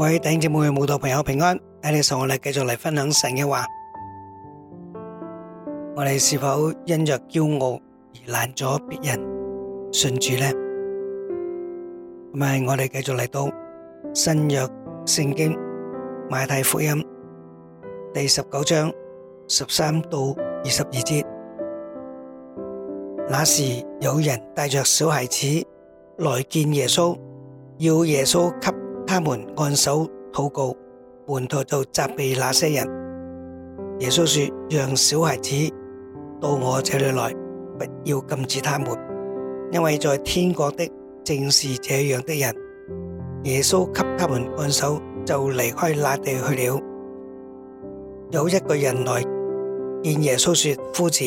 各位弟兄姊妹、慕道朋友平安，喺呢度我哋繼續嚟分享神嘅話。我哋是否因着驕傲而難咗別人信主呢？同埋我哋繼續嚟到新約聖經馬太福音第十九章十三到二十二節。那時有人帶着小孩子來見耶穌，要耶穌給。他們按手禱告，門徒就責備那些人。耶穌說：讓小孩子到我這裏來，不要禁止他們，因為在天國的正是這樣的人。耶穌給他們按手，就離開那地去了。有一個人來見耶穌，說：夫子，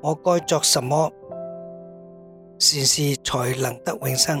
我該作什麼善事才能得永生？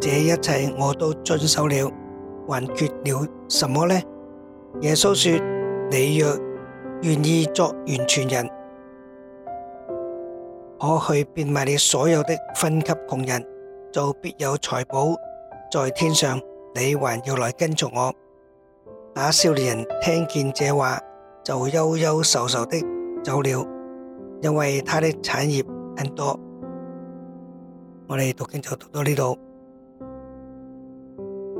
這一切我都遵守了，還缺了什麼呢？耶穌說：你若願意作完全人，可去變賣你所有的，分給窮人，就必有財寶在天上。你還要來跟隨我。那少年人聽見這話，就憂憂愁愁的走了，因為他的產業很多。我哋讀經就讀到呢度。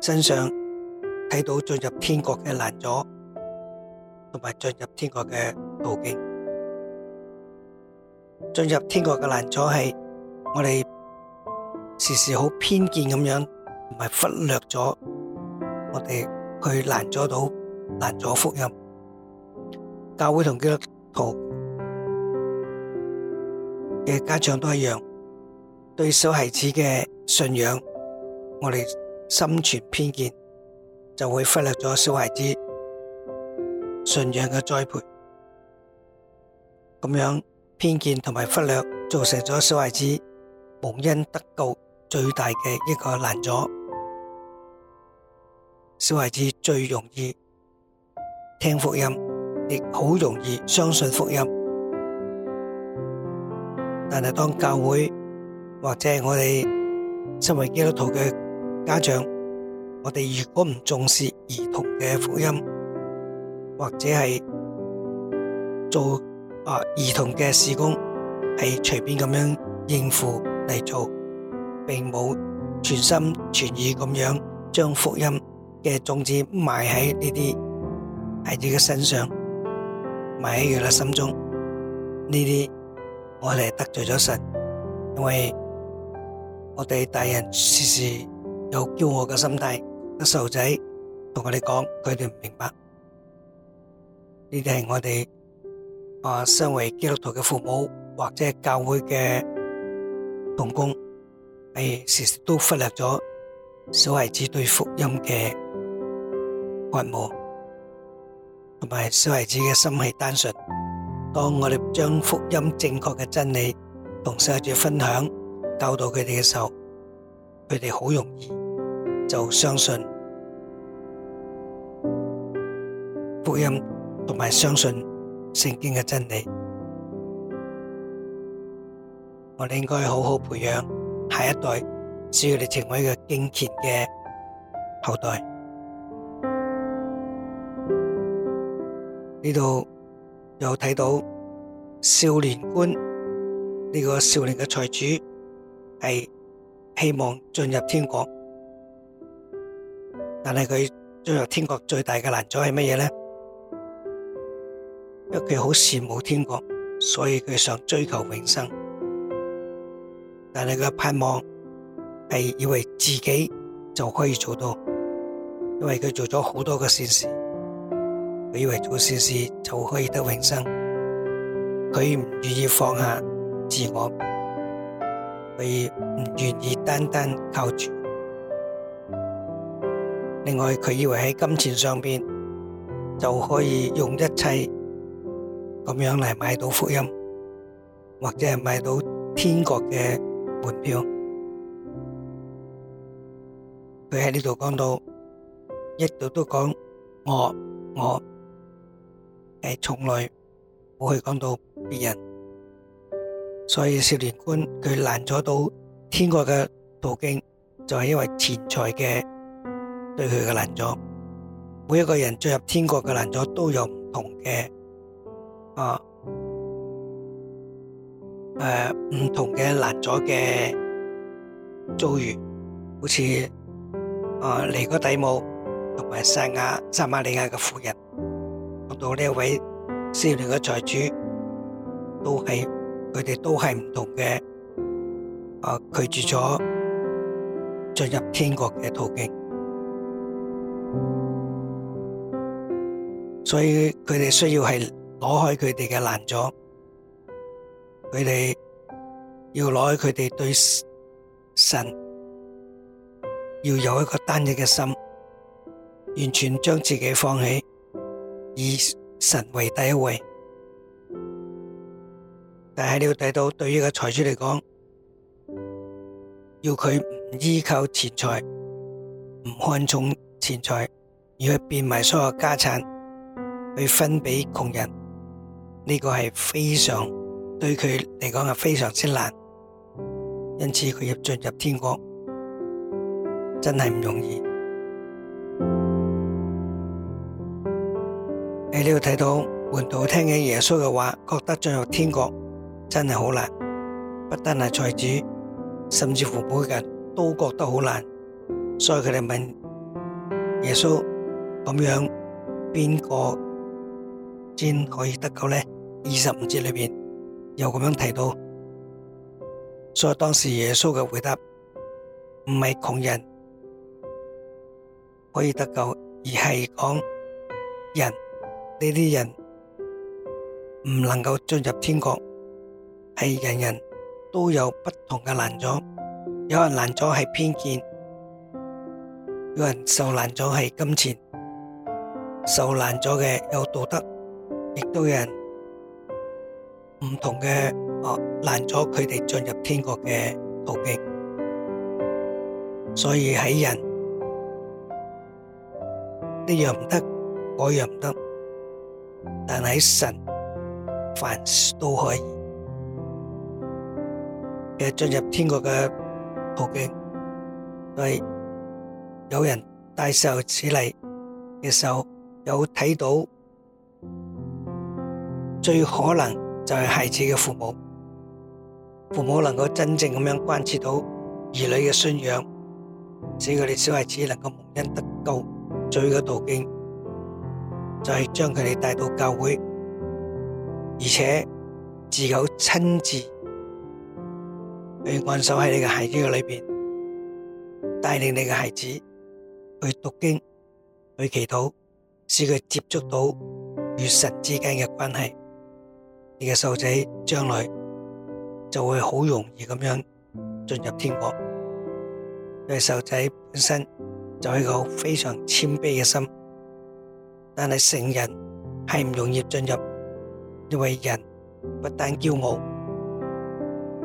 身上睇到進入天國嘅難阻，同埋進入天國嘅途徑。進入天國嘅難阻係我哋時時好偏見咁樣，唔係忽略咗我哋去難阻到難阻福音教會同基督徒嘅家長都一樣，對小孩子嘅信仰，我哋。心存偏見，就會忽略咗小孩子信仰嘅栽培。咁樣偏見同埋忽略，造成咗小孩子蒙恩得救最大嘅一個難阻。小孩子最容易聽福音，亦好容易相信福音。但係當教會或者我哋身為基督徒嘅，家長，我哋如果唔重視兒童嘅福音，或者係做啊兒童嘅事工係隨便咁樣應付嚟做，並冇全心全意咁樣將福音嘅種子埋喺呢啲孩子嘅身上，埋喺佢嘅心中，呢啲我哋得罪咗神，因為我哋大人時時。有驕傲嘅心態，細路仔同我哋講，佢哋唔明白。呢啲係我哋啊，身為基督徒嘅父母或者教會嘅同工，係時時都忽略咗小孩子對福音嘅渴慕，同埋小孩子嘅心係單純。當我哋將福音正確嘅真理同細路仔分享，教導佢哋嘅時候，佢哋好容易。就相信福音同埋相信聖經嘅真理，我哋應該好好培養下一代，使佢哋成為一個敬虔嘅後代。呢度又睇到少年官呢個少年嘅財主係希望進入天國。但係佢進入天國最大嘅難處係乜嘢呢？因為佢好羨慕天國，所以佢想追求永生。但係佢嘅盼望係以為自己就可以做到，因為佢做咗好多嘅善事，佢以為做善事就可以得永生。佢唔願意放下自我，佢亦唔願意單單靠住。另外，佢以為喺金錢上邊就可以用一切咁樣嚟買到福音，或者係買到天國嘅門票。佢喺呢度講到，一度都講我我係，從來冇去講到別人，所以少年官佢難咗到天國嘅途徑，就係因為錢財嘅。對佢嘅難阻，每一個人進入天國嘅難阻都有唔同嘅啊，誒，唔同嘅難阻嘅遭遇，好似啊尼哥底母同埋撒亞撒瑪利亞嘅婦人，到呢一位少年嘅財主，都係佢哋都係唔同嘅啊，拒絕咗進入天國嘅途徑。所以佢哋需要是攞開佢哋嘅難阻，佢哋要攞開佢哋對神要有一個單一嘅心，完全將自己放棄，以神為第一位。但是你要睇到，對於這個財主嚟講，要佢唔依靠錢財，唔看重錢財，要去變賣所有家產。去分俾窮人，呢個係非常對佢嚟講是非常之難，因此佢要進入天國真係唔容易。喺呢度睇到門徒聽緊耶穌嘅話，覺得進入天國真係好難，不單係財主，甚至乎每個人都覺得好難，所以佢哋問耶穌噉樣邊個？先可以得救咧，二十五節裏邊又咁樣提到，所以當時耶穌嘅回答唔係窮人可以得救，而係講人呢啲人唔能夠進入天國，係人人都有不同嘅難阻，有人難阻係偏見，有人受難阻係金錢，受難阻嘅有道德。亦都有人唔同嘅攔阻咗佢哋進入天國嘅途徑。所以喺人呢樣唔得，嗰樣唔得，但喺神凡事都可以嘅進入天國嘅途徑。所以有人大受此禮嘅時候，有睇到。最可能就係孩子嘅父母，父母能夠真正咁樣關切到兒女嘅信仰，使佢哋小孩子能夠蒙恩得救，最高嘅途徑就係將佢哋帶到教會，而且只有親自去看守喺你嘅孩子嘅裏面，帶領你嘅孩子去讀經、去祈禱，使佢接觸到與神之間嘅關係。你嘅細仔將來就會好容易咁樣進入天國，因為細仔本身就係個非常謙卑嘅心。但係成人係唔容易進入，因為人不但驕傲，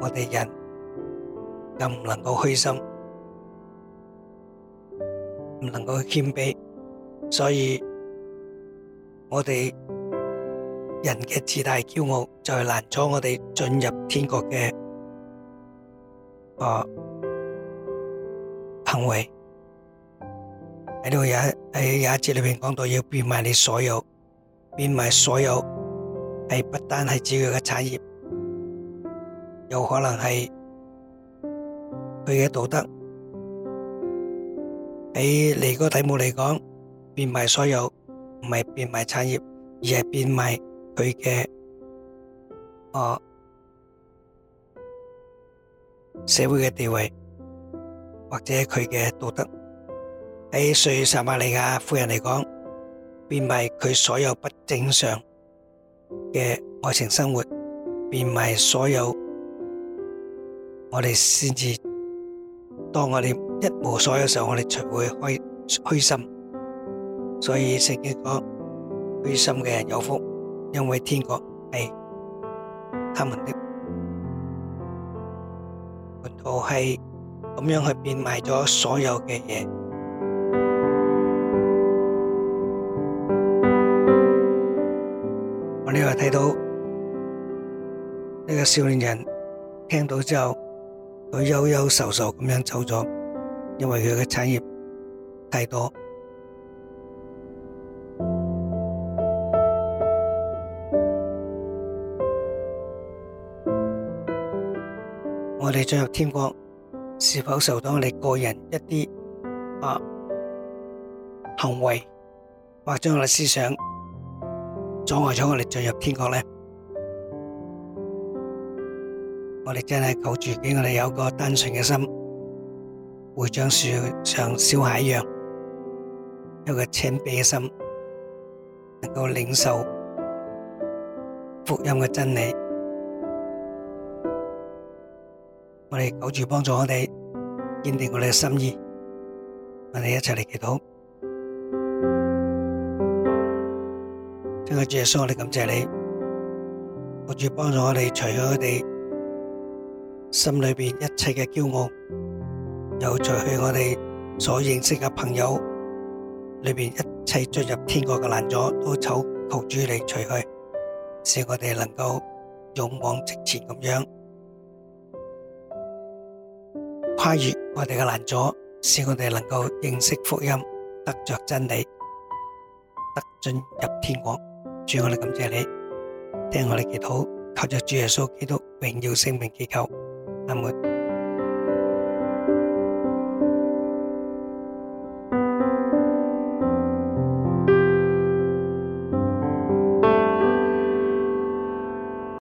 我哋人又唔能夠虛心，唔能夠謙卑，所以我哋。人嘅自大驕傲就係攔阻我哋進入天國嘅誒行為。喺呢個有喺有一節裏面講到，要變賣你所有，變賣所有係不單係自己嘅產業，有可能係佢嘅道德。喺尼哥底母嚟講，變賣所有唔係變賣產業，而係變賣。佢嘅，啊，社會嘅地位，或者佢嘅道德，喺瑞撒瑪利亞夫人嚟講，變賣佢所有不正常嘅愛情生活，變賣所有，我哋先至當我哋一無所有嘅時候，我哋才會虛虛心，所以成一個虛心嘅人有福。因為天國係他們的，我就係咁樣去變賣咗所有嘅嘢。我呢度睇到呢個少年人聽到之後，佢憂憂愁愁咁樣走咗，因為佢嘅產業太多。我哋進入天國是否受到我哋個人一啲啊行為，或者我哋思想阻礙咗我哋進入天國呢？我哋真係求自己，希望我哋有個單純嘅心，會將樹上燒下一樣有一個謙卑嘅心，能夠領受福音嘅真理。我哋求主幫助我哋堅定我哋嘅心意，我哋一齊嚟祈禱。真係主耶穌，我哋感謝你，求主幫助我哋除去我哋心裏邊一切嘅驕傲，又除去我哋所認識嘅朋友裏邊一切進入天國嘅難阻，都求求主嚟除去，使我哋能夠勇往直前咁樣，跨越我哋嘅難阻，使我哋能夠認識福音，得着真理，得進入天國。主我哋感謝你，聽我哋祈禱，靠着主耶穌基督榮耀聖名祈求，阿門。